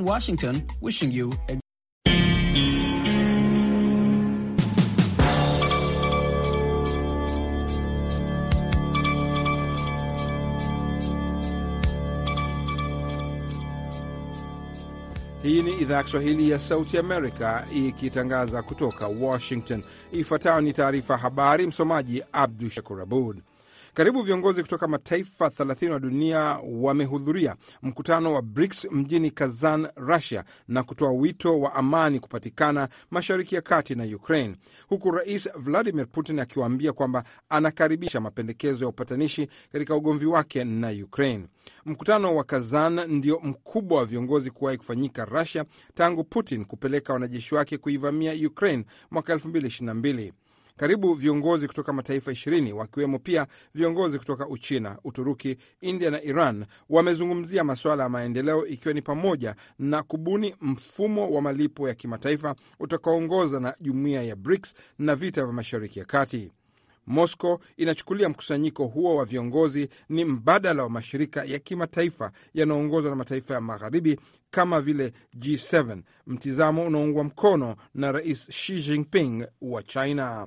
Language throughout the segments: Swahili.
Washington, wishing you a Hii ni idhaa ya Kiswahili ya Sauti Amerika ikitangaza kutoka Washington. Ifuatayo ni taarifa habari, msomaji Abdu Shakur Abud. Karibu viongozi kutoka mataifa 30 wa dunia wamehudhuria mkutano wa BRICS mjini Kazan, Russia, na kutoa wito wa amani kupatikana Mashariki ya Kati na Ukraine, huku Rais Vladimir Putin akiwaambia kwamba anakaribisha mapendekezo ya upatanishi katika ugomvi wake na Ukraine. Mkutano wa Kazan ndio mkubwa wa viongozi kuwahi kufanyika Russia tangu Putin kupeleka wanajeshi wake kuivamia Ukraine mwaka 2022 karibu viongozi kutoka mataifa ishirini wakiwemo pia viongozi kutoka Uchina, Uturuki, India na Iran wamezungumzia masuala ya maendeleo, ikiwa ni pamoja na kubuni mfumo wa malipo ya kimataifa utakaoongoza na jumuiya ya BRICS na vita vya Mashariki ya Kati. mosco inachukulia mkusanyiko huo wa viongozi ni mbadala wa mashirika ya kimataifa yanayoongozwa na mataifa ya magharibi kama vile G7, mtizamo unaoungwa mkono na Rais Xi Jinping wa China.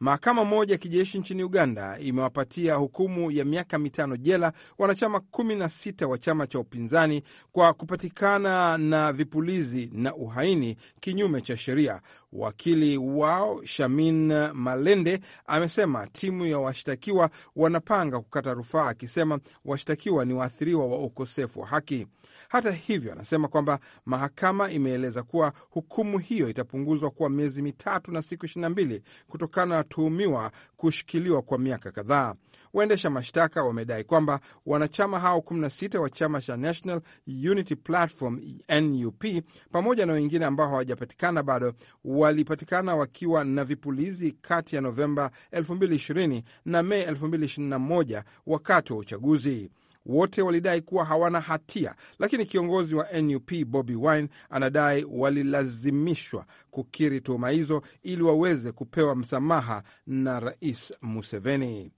Mahakama moja ya kijeshi nchini Uganda imewapatia hukumu ya miaka mitano jela wanachama 16 wa chama cha upinzani kwa kupatikana na vipulizi na uhaini kinyume cha sheria. Wakili wao Shamin Malende amesema timu ya washtakiwa wanapanga kukata rufaa, akisema washtakiwa ni waathiriwa wa ukosefu wa haki. Hata hivyo, anasema kwamba mahakama imeeleza kuwa hukumu hiyo itapunguzwa kuwa miezi mitatu na siku 22 kutokana na wanatuhumiwa kushikiliwa kwa miaka kadhaa. Waendesha mashtaka wamedai kwamba wanachama hao 16 wa chama cha National Unity Platform NUP pamoja na wengine ambao hawajapatikana bado walipatikana wakiwa na vipulizi kati ya Novemba 2020 na Mei 2021 wakati wa uchaguzi. Wote walidai kuwa hawana hatia, lakini kiongozi wa NUP Bobi Wine anadai walilazimishwa kukiri tuhuma hizo ili waweze kupewa msamaha na Rais Museveni.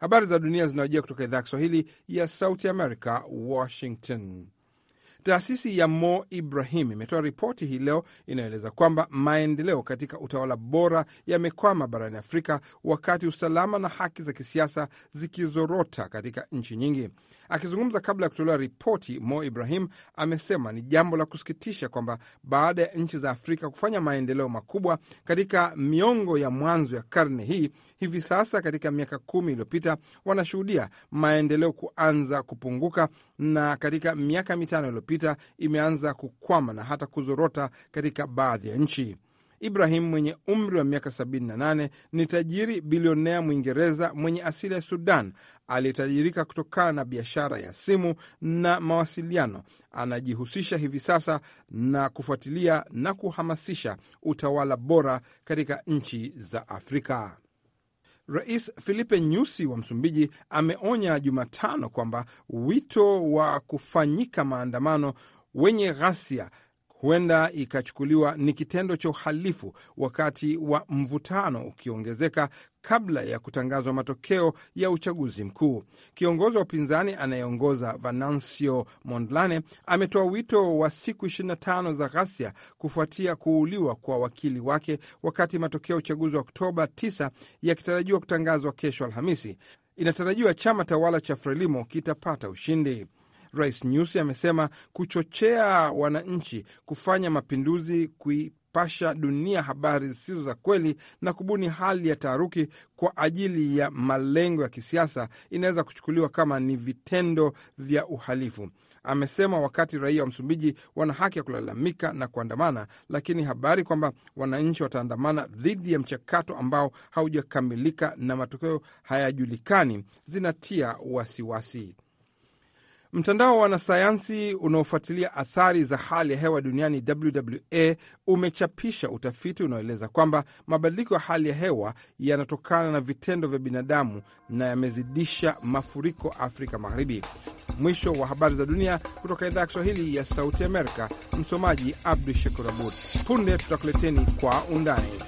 Habari za dunia zinawajia kutoka idhaa ya Kiswahili ya Sauti America, Washington. Taasisi ya Mo Ibrahim imetoa ripoti hii leo inayoeleza kwamba maendeleo katika utawala bora yamekwama barani Afrika wakati usalama na haki za kisiasa zikizorota katika nchi nyingi. Akizungumza kabla ya kutolewa ripoti, Mo Ibrahim amesema ni jambo la kusikitisha kwamba baada ya nchi za Afrika kufanya maendeleo makubwa katika miongo ya mwanzo ya karne hii, hivi sasa katika miaka kumi iliyopita wanashuhudia maendeleo kuanza kupunguka, na katika miaka mitano iliyopita imeanza kukwama na hata kuzorota katika baadhi ya nchi. Ibrahim mwenye umri wa miaka 78 ni tajiri bilionea Mwingereza mwenye asili ya Sudan aliyetajirika kutokana na biashara ya simu na mawasiliano. Anajihusisha hivi sasa na kufuatilia na kuhamasisha utawala bora katika nchi za Afrika. Rais Filipe Nyusi wa Msumbiji ameonya Jumatano kwamba wito wa kufanyika maandamano wenye ghasia huenda ikachukuliwa ni kitendo cha uhalifu wakati wa mvutano ukiongezeka kabla ya kutangazwa matokeo ya uchaguzi mkuu. Kiongozi wa upinzani anayeongoza Venancio Mondlane ametoa wito wa siku 25 za ghasia kufuatia kuuliwa kwa wakili wake, wakati matokeo ya uchaguzi wa Oktoba 9 yakitarajiwa kutangazwa kesho Alhamisi. Inatarajiwa chama tawala cha Frelimo kitapata ushindi. Rais Nyusi amesema kuchochea wananchi kufanya mapinduzi kui pasha dunia habari zisizo za kweli na kubuni hali ya taharuki kwa ajili ya malengo ya kisiasa inaweza kuchukuliwa kama ni vitendo vya uhalifu. Amesema wakati raia wa Msumbiji wana haki ya kulalamika na kuandamana, lakini habari kwamba wananchi wataandamana dhidi ya mchakato ambao haujakamilika na matokeo hayajulikani zinatia wasiwasi wasi. Mtandao wa wanasayansi unaofuatilia athari za hali ya hewa duniani WWA umechapisha utafiti unaoeleza kwamba mabadiliko ya hali ya hewa yanatokana na vitendo vya binadamu na yamezidisha mafuriko Afrika Magharibi. Mwisho wa habari za dunia kutoka idhaa ya Kiswahili ya Sauti Amerika. Msomaji Abdu Shakur Abud. Punde tutakuleteni kwa undani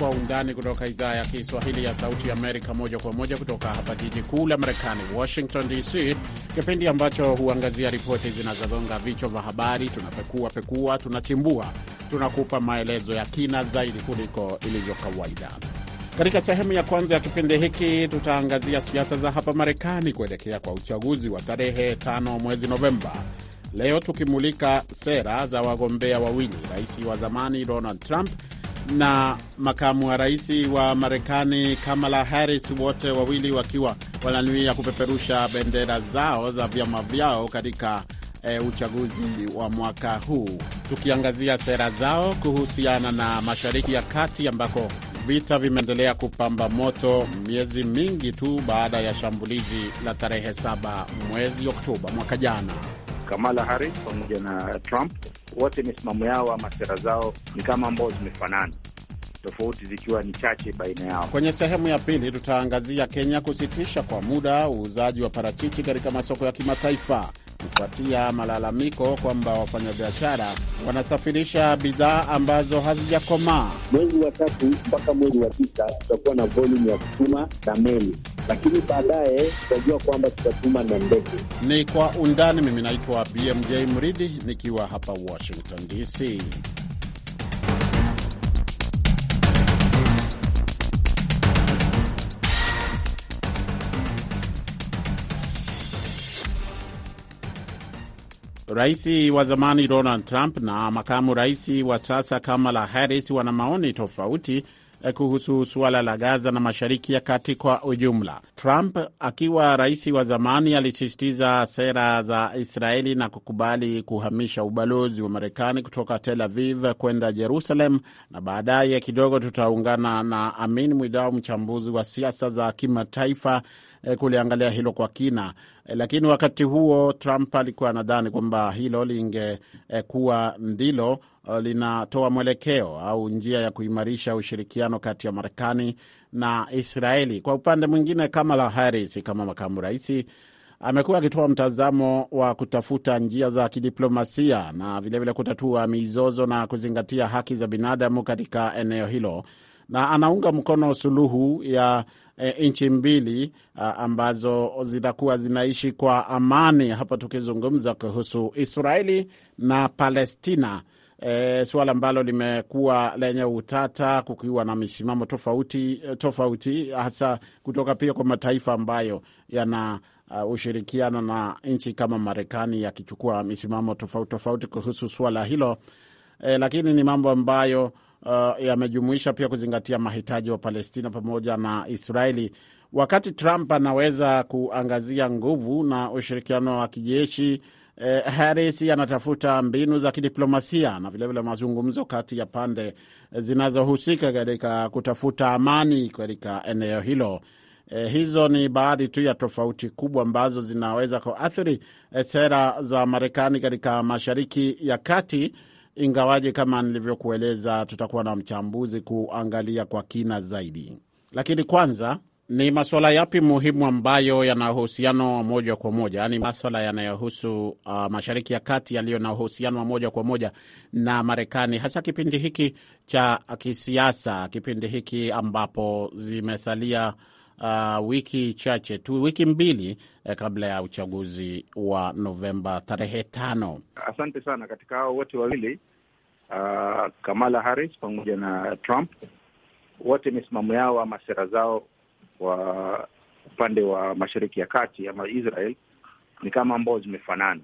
Kwa Undani kutoka idhaa ya Kiswahili ya Sauti Amerika, moja kwa moja kutoka hapa jiji kuu la Marekani, Washington DC, kipindi ambacho huangazia ripoti zinazogonga vichwa vya habari. Tunapekua pekua, tunachimbua, tunakupa maelezo ya kina zaidi kuliko ilivyo kawaida. Katika sehemu ya kwanza ya kipindi hiki tutaangazia siasa za hapa Marekani kuelekea kwa uchaguzi wa tarehe 5 mwezi Novemba. Leo tukimulika sera za wagombea wawili, rais wa zamani Donald Trump na makamu wa rais wa Marekani Kamala Harris, wote wawili wakiwa wananuia kupeperusha bendera zao za vyama vyao katika e, uchaguzi wa mwaka huu, tukiangazia sera zao kuhusiana na Mashariki ya Kati ambako vita vimeendelea kupamba moto miezi mingi tu baada ya shambulizi la tarehe 7 mwezi Oktoba mwaka jana. Kamala Harris pamoja na Trump, wote misimamo yao ama sera zao ni kama ambao zimefanana, tofauti zikiwa ni chache baina yao. Kwenye sehemu ya pili, tutaangazia Kenya kusitisha kwa muda uuzaji wa parachichi katika masoko ya kimataifa kufuatia malalamiko kwamba wafanyabiashara wanasafirisha bidhaa ambazo hazijakomaa. Mwezi wa tatu mpaka mwezi wa tisa tutakuwa na volumu ya kutuma na meli lakini baadaye tutajua kwamba tutatuma na ndege. Ni kwa undani. Mimi naitwa BMJ Mridhi nikiwa hapa Washington DC. Rais wa zamani Donald Trump na makamu rais wa sasa Kamala Harris wana maoni tofauti Eh, kuhusu suala la Gaza na Mashariki ya Kati kwa ujumla. Trump akiwa rais wa zamani alisisitiza sera za Israeli na kukubali kuhamisha ubalozi wa Marekani kutoka Tel Aviv kwenda Jerusalem, na baadaye kidogo tutaungana na Amin Mwidau, mchambuzi wa siasa za kimataifa, eh, kuliangalia hilo kwa kina. Eh, lakini wakati huo Trump alikuwa anadhani kwamba hilo lingekuwa ndilo eh, linatoa mwelekeo au njia ya kuimarisha ushirikiano kati ya Marekani na Israeli. Kwa upande mwingine, Kamala Harris kama makamu rais amekuwa akitoa mtazamo wa kutafuta njia za kidiplomasia na vilevile vile kutatua mizozo na kuzingatia haki za binadamu katika eneo hilo, na anaunga mkono suluhu ya e, eh, nchi mbili a, ah, ambazo zitakuwa zinaishi kwa amani hapa tukizungumza kuhusu Israeli na Palestina. E, suala ambalo limekuwa lenye utata kukiwa na misimamo tofauti eh, tofauti, hasa kutoka pia kwa mataifa ambayo yana uh, ushirikiano na nchi kama Marekani yakichukua misimamo tofauti tofauti kuhusu suala hilo. E, lakini ni mambo ambayo uh, yamejumuisha pia kuzingatia mahitaji wa Palestina pamoja na Israeli. Wakati Trump anaweza kuangazia nguvu na ushirikiano wa kijeshi eh, Harris anatafuta mbinu za kidiplomasia na vilevile mazungumzo kati ya pande zinazohusika katika kutafuta amani katika eneo hilo. Eh, hizo ni baadhi tu ya tofauti kubwa ambazo zinaweza kuathiri eh, sera za Marekani katika Mashariki ya Kati ingawaje kama nilivyokueleza, tutakuwa na mchambuzi kuangalia kwa kina zaidi. Lakini kwanza ni maswala yapi muhimu ambayo yana uhusiano wa moja kwa moja, yaani maswala yanayohusu uh, Mashariki ya Kati yaliyo na uhusiano wa moja kwa moja na Marekani, hasa kipindi hiki cha kisiasa, kipindi hiki ambapo zimesalia uh, wiki chache tu, wiki mbili eh, kabla ya uchaguzi wa Novemba tarehe tano. Asante sana. Katika hao wote wawili uh, Kamala Harris pamoja na Trump, wote misimamo yao ama sera zao wa upande wa mashariki ya kati ama Israel ni kama ambao zimefanana,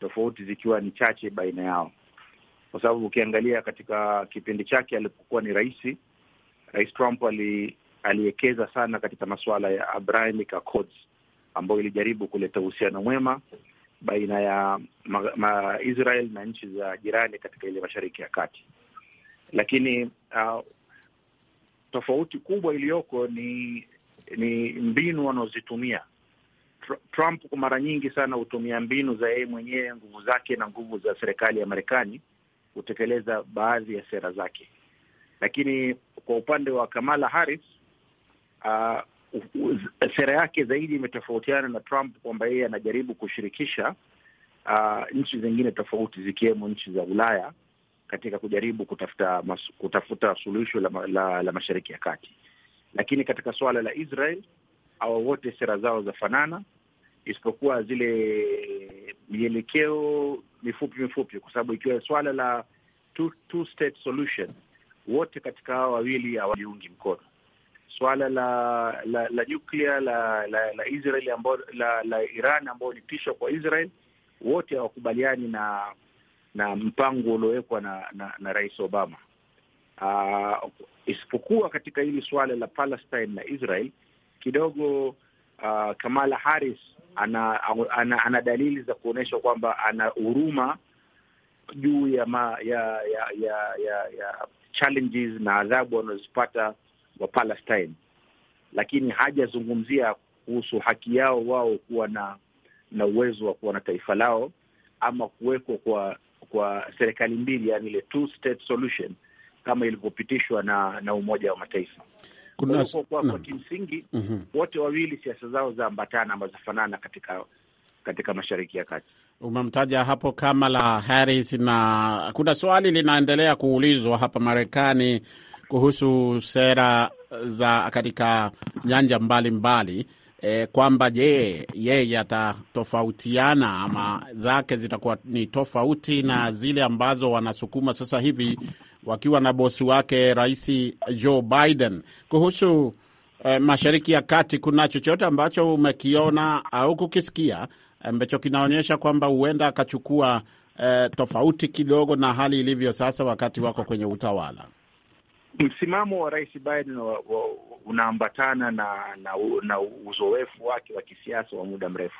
tofauti zikiwa ni chache baina yao, kwa sababu ukiangalia katika kipindi chake alipokuwa ni rais, Rais Trump ali aliwekeza sana katika masuala ya Abrahamic Accords ambayo ilijaribu kuleta uhusiano mwema baina ya ma, ma Israel na nchi za jirani katika ile Mashariki ya Kati, lakini uh, tofauti kubwa iliyoko ni ni mbinu wanaozitumia. Trump kwa mara nyingi sana hutumia mbinu za yeye mwenyewe, nguvu zake na nguvu za serikali ya Marekani kutekeleza baadhi ya sera zake, lakini kwa upande wa Kamala Harris uh, sera yake zaidi imetofautiana na Trump kwamba yeye anajaribu kushirikisha uh, nchi zingine tofauti zikiwemo nchi za Ulaya katika kujaribu kutafuta mas, kutafuta suluhisho la, la, la Mashariki ya Kati, lakini katika suala la Israel au wote sera zao za fanana isipokuwa zile mielekeo mifupi mifupi, kwa sababu ikiwa swala la two, two state solution wote katika hao wawili hawajiungi mkono suala la la la nyuklia la la la Israel ambao la la Iran ambao ni tisho kwa Israel, wote hawakubaliani na na mpango uliowekwa na, na na Rais Obama. Uh, isipokuwa katika hili suala la Palestine na Israel kidogo uh, Kamala Harris ana, ana, ana, ana dalili za kuonyesha kwamba ana huruma juu ya, ma, ya, ya, ya, ya, ya challenges na adhabu wanazopata wa Palestine, lakini hajazungumzia kuhusu haki yao wao kuwa na na uwezo wa kuwa na taifa lao ama kuwekwa kwa kwa serikali mbili, yani ile two state solution kama ilivyopitishwa na na Umoja wa Mataifa. Kuna kwa mm. kimsingi mm -hmm. wote wawili siasa zao zaambatana ambazo zafanana katika katika Mashariki ya Kati. Umemtaja hapo Kamala Harris, na kuna swali linaendelea kuulizwa hapa Marekani kuhusu sera za katika nyanja mbalimbali e, kwamba je, yeye atatofautiana ama zake zitakuwa ni tofauti na zile ambazo wanasukuma sasa hivi wakiwa na bosi wake Rais Joe Biden kuhusu e, Mashariki ya Kati. Kuna chochote ambacho umekiona au kukisikia ambacho kinaonyesha kwamba huenda akachukua e, tofauti kidogo na hali ilivyo sasa wakati wako kwenye utawala? msimamo wa Rais Biden unaambatana na, na, na uzoefu wake wa kisiasa wa muda mrefu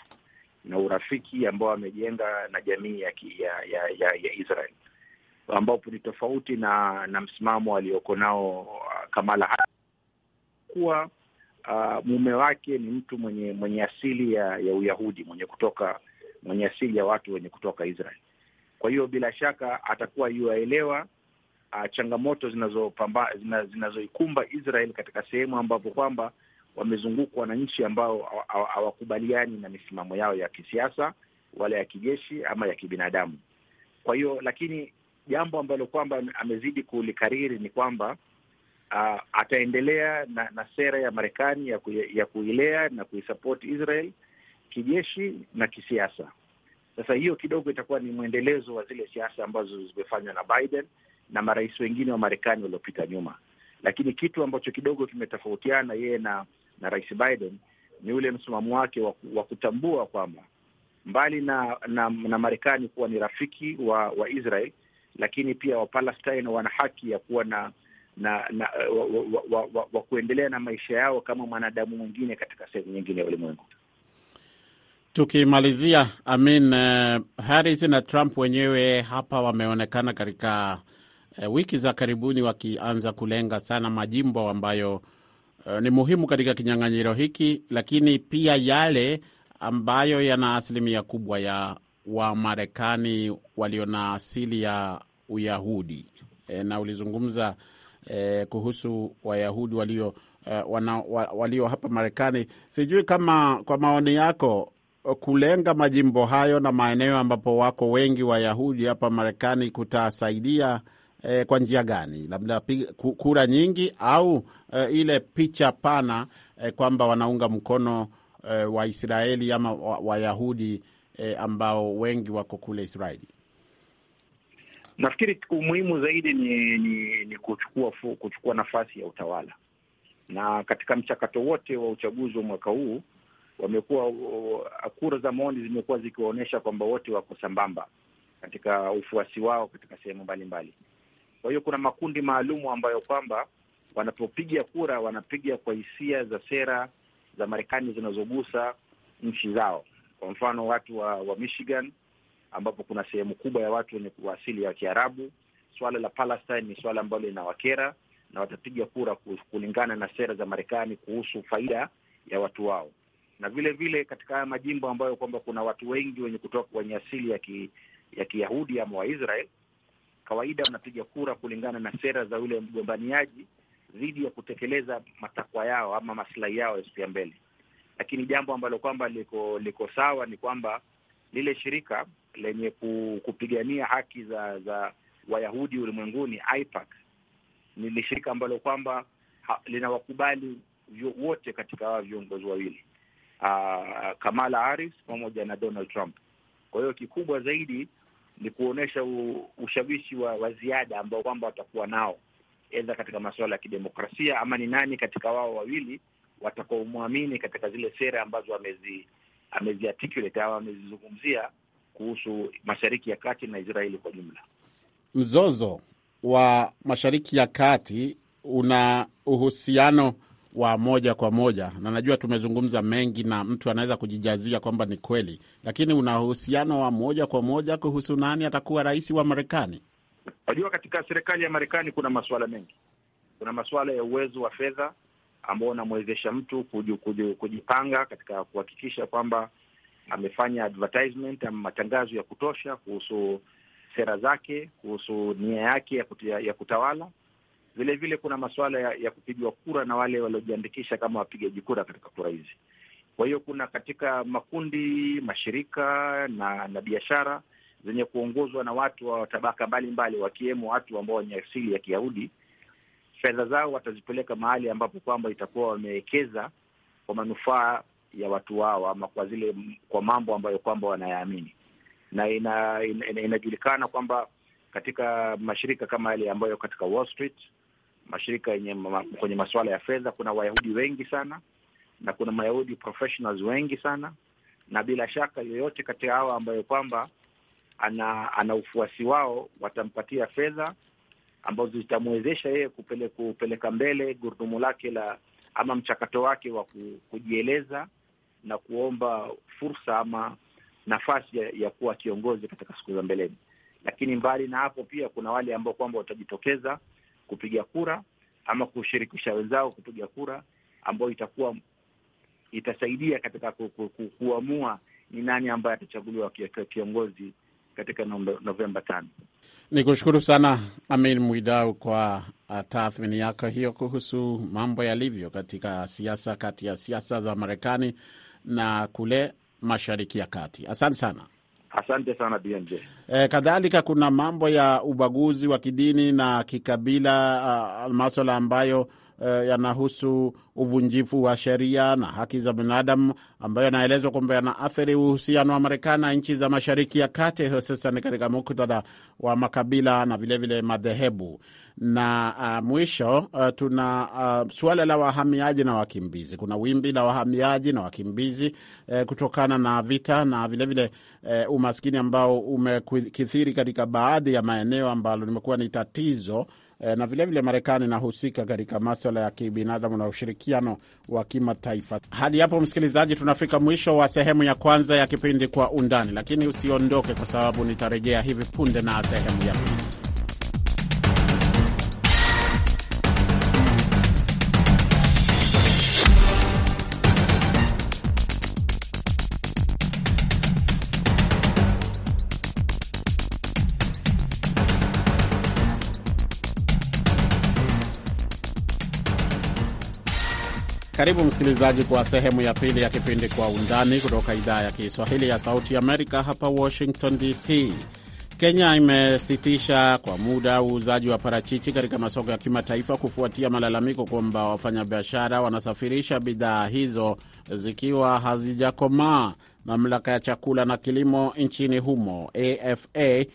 na urafiki ambao amejenga na jamii ya, ya, ya, ya Israel ambapo ni tofauti na na msimamo alioko nao uh, Kamala Harris kuwa uh, mume wake ni mtu mwenye mwenye asili ya, ya Uyahudi mwenye kutoka mwenye asili ya watu wenye kutoka Israel. Kwa hiyo bila shaka atakuwa yuaelewa uh, changamoto zinazopamba zinazoikumba Israel katika sehemu ambapo kwamba wamezungukwa na nchi ambao hawakubaliani na misimamo yao ya kisiasa wala ya kijeshi ama ya kibinadamu. Kwa hiyo lakini jambo ambalo kwamba amezidi kulikariri ni kwamba uh, ataendelea na, na sera ya Marekani ya, ku, ya kuilea na kuisapoti Israel kijeshi na kisiasa. Sasa hiyo kidogo itakuwa ni mwendelezo wa zile siasa ambazo zimefanywa na Biden na marais wengine wa Marekani waliopita nyuma, lakini kitu ambacho kidogo kimetofautiana yeye na na Rais Biden ni ule msimamo wake wa kutambua kwamba mbali na na, na Marekani kuwa ni rafiki wa wa Israel, lakini pia Wapalestina wana haki ya kuwa na na, na wa, wa, wa, wa, wa kuendelea na maisha yao kama mwanadamu mwingine katika sehemu nyingine ya ulimwengu. Tukimalizia, Amin, uh, Harris na Trump wenyewe hapa wameonekana katika Eh, wiki za karibuni wakianza kulenga sana majimbo ambayo eh, ni muhimu katika kinyang'anyiro hiki, lakini pia yale ambayo yana asilimia kubwa ya Wamarekani walio na asili ya Uyahudi. E, na ulizungumza e, kuhusu Wayahudi walio Uh, wana, walio hapa Marekani. Sijui kama kwa maoni yako kulenga majimbo hayo na maeneo ambapo wako wengi Wayahudi hapa Marekani kutasaidia eh, kwa njia gani? Labda kura nyingi au eh, ile picha pana eh, kwamba wanaunga mkono eh, Waisraeli ama Wayahudi wa eh, ambao wengi wako kule Israeli. Nafikiri umuhimu zaidi ni, ni, ni kuchukua, kuchukua nafasi ya utawala na katika mchakato wote wa uchaguzi wa mwaka huu wamekuwa uh, kura za maoni zimekuwa zikiwaonyesha kwamba wote wako sambamba katika ufuasi wao katika sehemu mbalimbali. Kwa hiyo kuna makundi maalumu ambayo kwamba wanapopiga kura wanapiga kwa hisia za sera za Marekani zinazogusa nchi zao. Kwa mfano watu wa, wa Michigan ambapo kuna sehemu kubwa ya watu wenye asili ya Kiarabu. Swala la Palestine ni swala ambalo linawakera na watapiga kura kulingana na sera za Marekani kuhusu faida ya watu wao, na vile vile katika haya majimbo ambayo kwamba kuna watu wengi wenye kutoka wenye asili ya ki, ya Kiyahudi ama Waisrael kawaida wanapiga kura kulingana na sera za yule mgombaniaji dhidi ya kutekeleza matakwa yao ama maslahi yao ya siku ya mbele. Lakini jambo ambalo kwamba liko liko sawa ni kwamba lile shirika lenye kupigania haki za za Wayahudi ulimwenguni IPAC ni shirika ambalo kwamba linawakubali wote katika hawa viongozi wawili ah, Kamala Harris pamoja na Donald Trump. Kwa hiyo kikubwa zaidi ni kuonyesha ushawishi wa, wa ziada ambao kwamba watakuwa nao edha katika masuala ya kidemokrasia, ama ni nani katika wao wawili watakaomwamini katika zile sera ambazo amezi ameziarticulate au amezizungumzia kuhusu Mashariki ya Kati na Israeli kwa jumla. Mzozo wa Mashariki ya Kati una uhusiano wa moja kwa moja, na najua tumezungumza mengi na mtu anaweza kujijazia kwamba ni kweli, lakini una uhusiano wa moja kwa moja kuhusu nani atakuwa rais wa Marekani. najua katika serikali ya Marekani kuna masuala mengi. Kuna masuala ya uwezo wa fedha ambao unamwezesha mtu kuju, kuju, kujipanga katika kuhakikisha kwamba amefanya advertisement ama matangazo ya kutosha kuhusu sera zake, kuhusu nia yake ya, ya kutawala Vilevile vile kuna masuala ya, ya kupigwa kura na wale waliojiandikisha kama wapigaji kura katika kura hizi. Kwa hiyo kuna katika makundi, mashirika na na biashara zenye kuongozwa na watu wa tabaka mbalimbali, wakiwemo watu ambao wenye asili ya Kiyahudi, fedha zao watazipeleka mahali ambapo kwamba itakuwa wamewekeza kwa manufaa ya watu wao, ama kwa zile kwa mambo ambayo kwamba wanayaamini, na inajulikana ina, ina, ina kwamba katika mashirika kama yale ambayo katika Wall Street mashirika yenye kwenye masuala ya fedha. Kuna Wayahudi wengi sana na kuna Mayahudi professionals wengi sana, na bila shaka yoyote kati ya hawa ambayo kwamba ana, ana ufuasi wao watampatia fedha ambazo zitamwezesha yeye kupele, kupeleka mbele gurudumu lake la ama mchakato wake wa kujieleza na kuomba fursa ama nafasi ya, ya kuwa kiongozi katika siku za mbeleni. Lakini mbali na hapo, pia kuna wale ambao kwamba watajitokeza kupiga kura ama kushirikisha wenzao kupiga kura, ambayo itakuwa itasaidia katika kuamua ni nani ambaye atachaguliwa kiongozi katika Novemba tano. Ni kushukuru sana amin Mwidau kwa uh, tathmini yako hiyo kuhusu mambo yalivyo katika siasa kati ya siasa za Marekani na kule Mashariki ya Kati. Asante sana. Asante sana BMJ. E, eh, kadhalika kuna mambo ya ubaguzi wa kidini na kikabila, uh, maswala ambayo eh, yanahusu uvunjifu wa sheria na haki za binadamu ambayo yanaelezwa kwamba yanaathiri uhusiano wa Marekani na nchi za Mashariki ya Kati, hususan katika muktadha wa makabila na vilevile vile madhehebu na uh, mwisho uh, tuna uh, suala la wahamiaji na wakimbizi. Kuna wimbi la wahamiaji na wakimbizi eh, kutokana na vita na vilevile vile, eh, umaskini ambao umekithiri katika baadhi ya maeneo ambalo limekuwa ni tatizo Eh, na vilevile vile Marekani inahusika katika maswala ya kibinadamu na ushirikiano wa kimataifa. Hadi hapo, msikilizaji, tunafika mwisho wa sehemu ya kwanza ya kipindi Kwa Undani, lakini usiondoke, kwa sababu nitarejea hivi punde na sehemu ya pili. Karibu msikilizaji kwa sehemu ya pili ya kipindi Kwa Undani kutoka idhaa ya Kiswahili ya Sauti Amerika, hapa Washington DC. Kenya imesitisha kwa muda uuzaji wa parachichi katika masoko ya kimataifa kufuatia malalamiko kwamba wafanyabiashara wanasafirisha bidhaa hizo zikiwa hazijakomaa. Mamlaka ya chakula na kilimo nchini humo, AFA,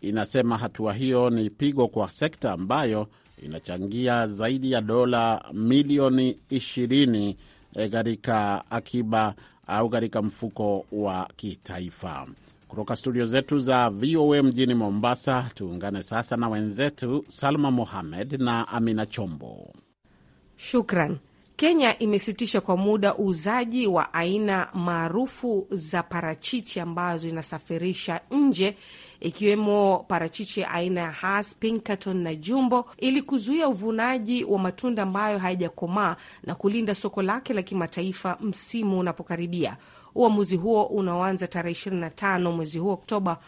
inasema hatua hiyo ni pigo kwa sekta ambayo inachangia zaidi ya dola milioni ishirini eh, katika akiba au katika mfuko wa kitaifa. Kutoka studio zetu za VOA mjini Mombasa, tuungane sasa na wenzetu Salma Mohamed na Amina Chombo. Shukran. Kenya imesitisha kwa muda uuzaji wa aina maarufu za parachichi ambazo inasafirisha nje ikiwemo parachichi aina ya Hass, Pinkerton na Jumbo ili kuzuia uvunaji wa matunda ambayo hayajakomaa na kulinda soko lake la kimataifa msimu unapokaribia. Uamuzi huo unaoanza tarehe 25 mwezi huu Oktoba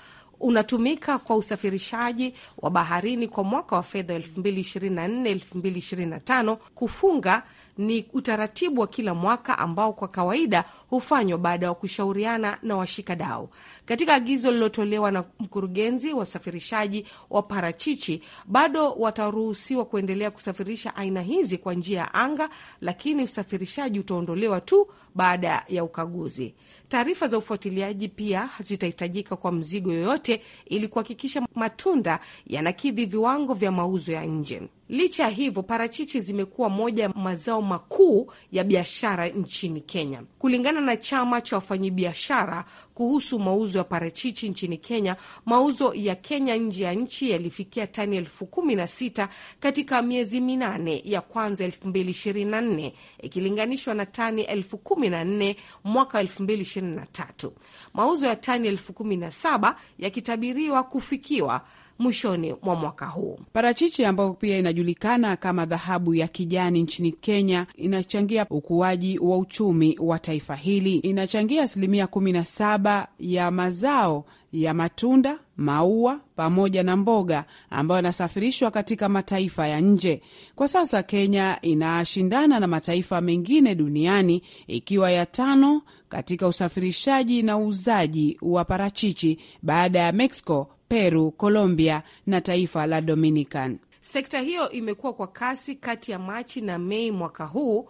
unatumika kwa usafirishaji wa baharini kwa mwaka wa fedha 2024/2025 kufunga ni utaratibu wa kila mwaka ambao kwa kawaida hufanywa baada ya kushauriana na washikadau. Katika agizo lililotolewa na mkurugenzi wa usafirishaji wa parachichi, bado wataruhusiwa kuendelea kusafirisha aina hizi kwa njia ya anga, lakini usafirishaji utaondolewa tu baada ya ukaguzi. Taarifa za ufuatiliaji pia zitahitajika kwa mzigo yoyote ili kuhakikisha matunda yanakidhi viwango vya mauzo ya nje. Licha ya hivyo, parachichi zimekuwa moja ya mazao makuu ya biashara nchini Kenya. Kulingana na chama cha wafanyabiashara kuhusu mauzo ya parachichi nchini Kenya, mauzo ya Kenya nje ya nchi yalifikia tani elfu kumi na sita katika miezi minane ya kwanza elfu mbili ishirini na nne ikilinganishwa na tani elfu kumi na nne mwaka elfu mbili ishirini na tatu mauzo ya tani elfu kumi na saba yakitabiriwa kufikiwa mwishoni mwa mwaka huu. Parachichi ambayo pia inajulikana kama dhahabu ya kijani nchini Kenya inachangia ukuaji wa uchumi wa taifa hili, inachangia asilimia kumi na saba ya mazao ya matunda, maua pamoja na mboga ambayo yanasafirishwa katika mataifa ya nje. Kwa sasa Kenya inashindana na mataifa mengine duniani ikiwa ya tano katika usafirishaji na uuzaji wa parachichi baada ya Mexico Peru, Colombia na taifa la Dominican. Sekta hiyo imekuwa kwa kasi kati ya Machi na Mei mwaka huu.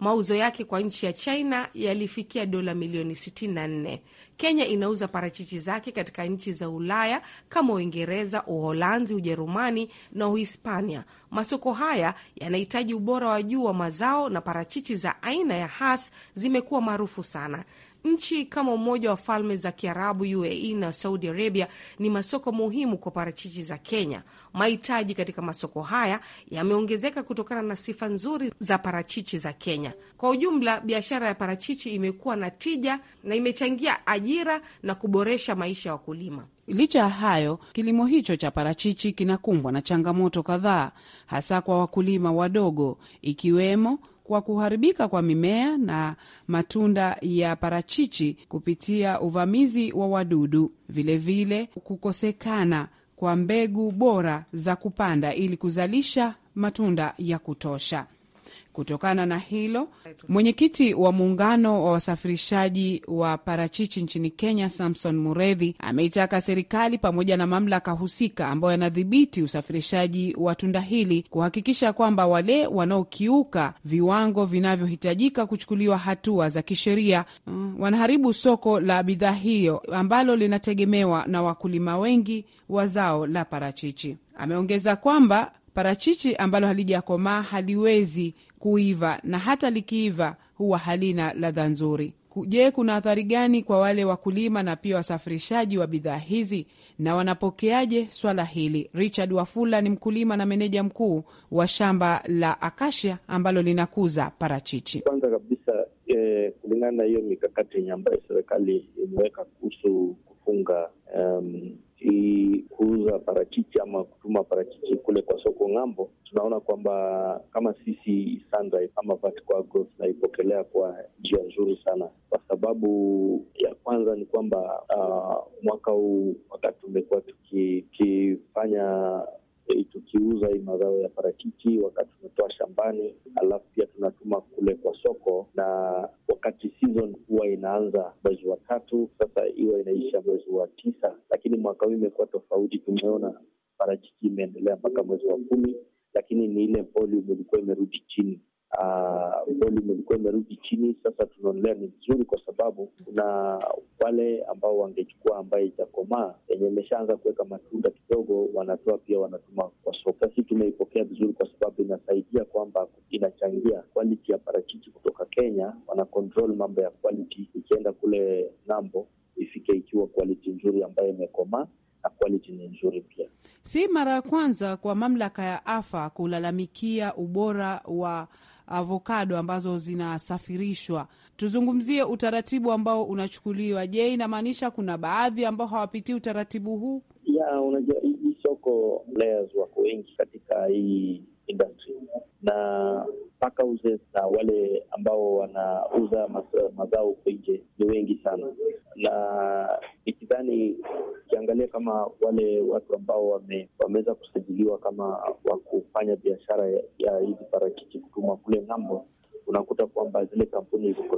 Mauzo yake kwa nchi ya China yalifikia dola milioni 64. Kenya inauza parachichi zake katika nchi za Ulaya kama Uingereza, Uholanzi, Ujerumani na Uhispania. Masoko haya yanahitaji ubora wa juu wa mazao na parachichi za aina ya Hass zimekuwa maarufu sana. Nchi kama Umoja wa Falme za Kiarabu UAE na Saudi Arabia ni masoko muhimu kwa parachichi za Kenya. Mahitaji katika masoko haya yameongezeka kutokana na sifa nzuri za parachichi za Kenya. Kwa ujumla, biashara ya parachichi imekuwa na tija na imechangia ajira na kuboresha maisha ya wakulima. Licha ya hayo, kilimo hicho cha parachichi kinakumbwa na changamoto kadhaa, hasa kwa wakulima wadogo, ikiwemo kwa kuharibika kwa mimea na matunda ya parachichi kupitia uvamizi wa wadudu, vilevile vile kukosekana kwa mbegu bora za kupanda ili kuzalisha matunda ya kutosha. Kutokana na hilo, mwenyekiti wa muungano wa wasafirishaji wa parachichi nchini Kenya, Samson Muredhi, ameitaka serikali pamoja na mamlaka husika ambayo yanadhibiti usafirishaji wa tunda hili kuhakikisha kwamba wale wanaokiuka viwango vinavyohitajika kuchukuliwa hatua za kisheria. Mm, wanaharibu soko la bidhaa hiyo ambalo linategemewa na wakulima wengi wa zao la parachichi. Ameongeza kwamba Parachichi ambalo halijakomaa haliwezi kuiva na hata likiiva huwa halina ladha nzuri. Je, kuna athari gani kwa wale wakulima na pia wasafirishaji wa bidhaa hizi na wanapokeaje swala hili? Richard Wafula ni mkulima na meneja mkuu wa shamba la Akasia ambalo linakuza parachichi. Kwanza kabisa eh, kulingana na hiyo mikakati yenye ambayo serikali imeweka kuhusu kufunga um, si kuuza parachichi ama kutuma parachichi kule kwa soko ng'ambo, tunaona kwamba kama sisi Sunrise ama Vertical Agro tunaipokelea kwa njia nzuri sana, kwa sababu ya kwanza ni kwamba uh, mwaka huu wakati tumekuwa tukifanya tuki Eh, tukiuza hii mazao ya parachichi wakati tunatoa shambani, alafu pia tunatuma kule kwa soko, na wakati season huwa inaanza mwezi wa tatu, sasa iwa inaisha mwezi wa tisa, lakini mwaka huu imekuwa tofauti. Tumeona parachichi imeendelea mpaka mwezi wa kumi, lakini ni ile volume ilikuwa imerudi chini Ah, ukweli uh, ilikuwa imerudi chini. Sasa tunaonelea ni vizuri, kwa sababu kuna wale ambao wangechukua ambaye ijakomaa yenye imeshaanza kuweka matunda kidogo, wanatoa pia wanatuma kwa soko. Sisi tumeipokea vizuri, kwa sababu inasaidia kwamba inachangia quality ya parachichi kutoka Kenya, wana control mambo ya quality, ikienda kule ng'ambo ifike ikiwa quality nzuri ambayo imekomaa na quality ni nzuri pia. Si mara ya kwanza kwa mamlaka ya AFA kulalamikia ubora wa avokado ambazo zinasafirishwa. Tuzungumzie utaratibu ambao unachukuliwa. Je, inamaanisha kuna baadhi ambao hawapitii utaratibu huu? Ya, unajua hii soko players wako wengi katika hii industry na mpaka uze na wale ambao wanauza mazao huko nje ni wengi sana, na nikidhani ukiangalia kama wale watu ambao wame, wameweza kusajiliwa kama wakufanya biashara ya hizi parachichi kutuma kule ng'ambo unakuta kwamba zile kampuni ziko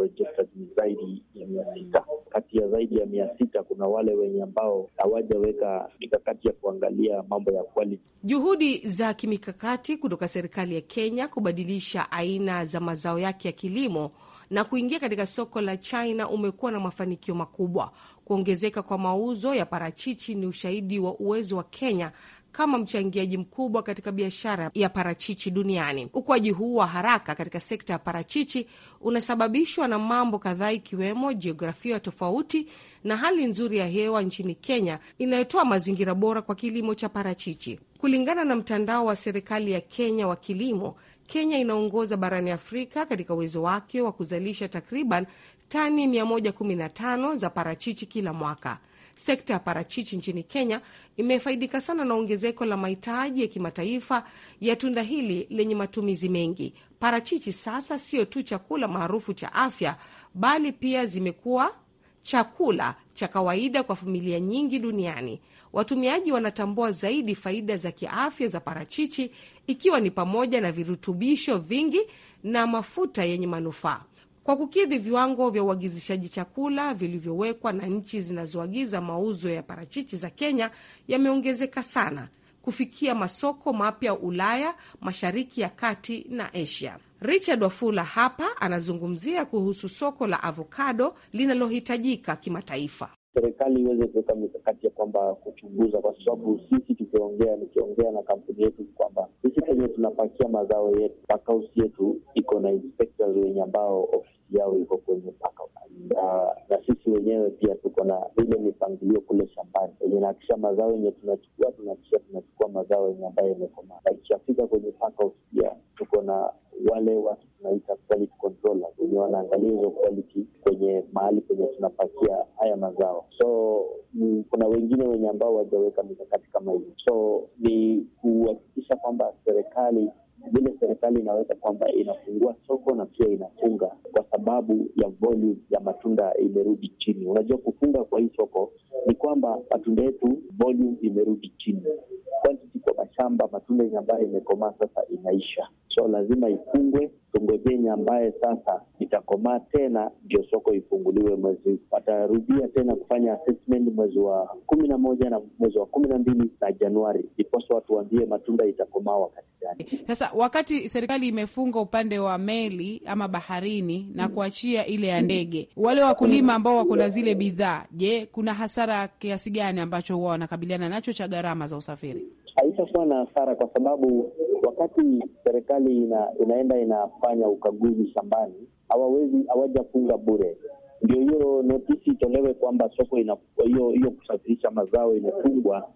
ni zaidi ya mia sita. Kati ya zaidi ya mia sita kuna wale wenye ambao hawajaweka mikakati ya kuangalia mambo ya quality. Juhudi za kimikakati kutoka serikali ya Kenya kubadilisha aina za mazao yake ya kilimo na kuingia katika soko la China umekuwa na mafanikio makubwa. Kuongezeka kwa mauzo ya parachichi ni ushahidi wa uwezo wa Kenya kama mchangiaji mkubwa katika biashara ya parachichi duniani. Ukuaji huu wa haraka katika sekta ya parachichi unasababishwa na mambo kadhaa, ikiwemo jiografia tofauti na hali nzuri ya hewa nchini Kenya inayotoa mazingira bora kwa kilimo cha parachichi. Kulingana na mtandao wa serikali ya Kenya wa kilimo, Kenya inaongoza barani Afrika katika uwezo wake wa kuzalisha takriban tani 115 za parachichi kila mwaka. Sekta ya parachichi nchini Kenya imefaidika sana na ongezeko la mahitaji ya kimataifa ya tunda hili lenye matumizi mengi. Parachichi sasa sio tu chakula maarufu cha afya, bali pia zimekuwa chakula cha kawaida kwa familia nyingi duniani. Watumiaji wanatambua zaidi faida za kiafya za parachichi, ikiwa ni pamoja na virutubisho vingi na mafuta yenye manufaa kwa kukidhi viwango vya uagizishaji chakula vilivyowekwa na nchi zinazoagiza mauzo ya parachichi za Kenya yameongezeka sana kufikia masoko mapya Ulaya, Mashariki ya Kati na Asia. Richard Wafula hapa anazungumzia kuhusu soko la avokado linalohitajika kimataifa serikali iweze kuweka mikakati ya kwamba kuchunguza, kwa sababu sisi tukiongea, nikiongea na kampuni yetu kwamba sisi penye tunapakia mazao yetu, pakausi yetu iko na inspectors wenye ambao ofisi yao iko kwenye na, na sisi wenyewe pia tuko na ile mipangilio kule shambani yenye naakisha mazao yenye tunachukua, tunakisha tunachukua mazao yenye ambayo imekomaa, na ikishafika kwenye pakausi pia tuko na wale watu tunaita quality wenye wanaangalia hizo quality kwenye mahali penye tunapakia na wengine wenye ambao wajaweka mikakati kama hiyo. So ni kuhakikisha kwamba serikali vile serikali inaweza kwamba inafungua soko na pia inafunga kwa sababu ya volume ya matunda imerudi chini. Unajua, kufunga kwa hii soko ni kwamba matunda yetu volume imerudi chini, quantity kwa mashamba, matunda yenye ambayo imekomaa sasa inaisha, so lazima ifungwe. Tungojee yenye ambaye sasa itakomaa tena, ndio soko ifunguliwe. Mwezi watarudia tena kufanya mwezi wa kumi na moja na mwezi wa kumi na mbili na Januari, ndiposa watu waambie matunda itakomaa wakati gani. Sasa wakati serikali imefunga upande wa meli ama baharini na kuachia ile ya ndege, wale wakulima ambao wako na zile bidhaa, je, kuna hasara kiasi gani ambacho huwa wanakabiliana nacho cha gharama za usafiri? Haitakuwa na hasara kwa sababu wakati serikali ina, inaenda inafanya ukaguzi shambani, hawawezi hawajafunga bure ndio hiyo notisi itolewe kwamba soko hiyo hiyo kusafirisha mazao imefungwa.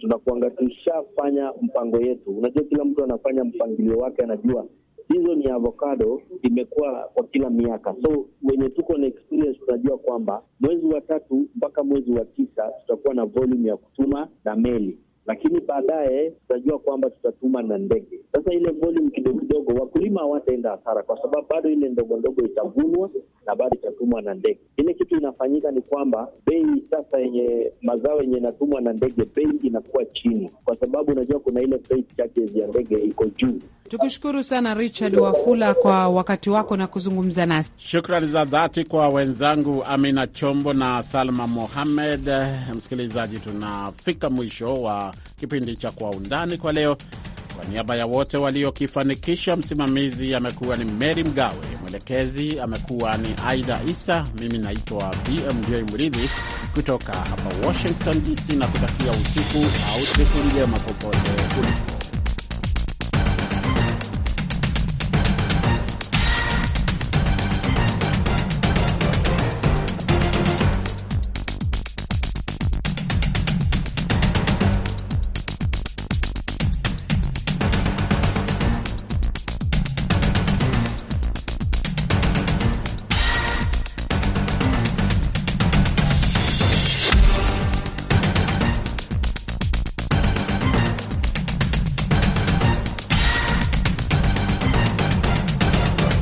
Tunakuanga tushafanya mpango yetu. Unajua, kila mtu anafanya mpangilio wake, anajua hizo ni avocado imekuwa kwa kila miaka, so wenye tuko na experience tunajua kwamba mwezi wa tatu mpaka mwezi wa tisa tutakuwa na volume ya kutuma na meli lakini baadaye tutajua kwamba tutatuma na ndege. Sasa ile volume kidogo kidogo, wakulima hawataenda hasara, kwa sababu bado ile ndogo ndogo itavunwa na bado itatumwa na ndege. Ile kitu inafanyika ni kwamba bei sasa yenye mazao yenye inatumwa na ndege, bei inakuwa chini, kwa sababu unajua kuna ile freight charges ya ndege iko juu. Tukushukuru sana Richard Wafula kwa wakati wako na kuzungumza nasi. Shukrani za dhati kwa wenzangu Amina Chombo na Salma Mohamed. Msikilizaji, tunafika mwisho wa kipindi cha Kwa Undani kwa leo. Kwa niaba ya wote waliokifanikisha, msimamizi amekuwa ni Meri Mgawe, mwelekezi amekuwa ni Aida Isa, mimi naitwa BMJ Mridhi kutoka hapa Washington DC na kutakia usiku au siku njema popote ulipo.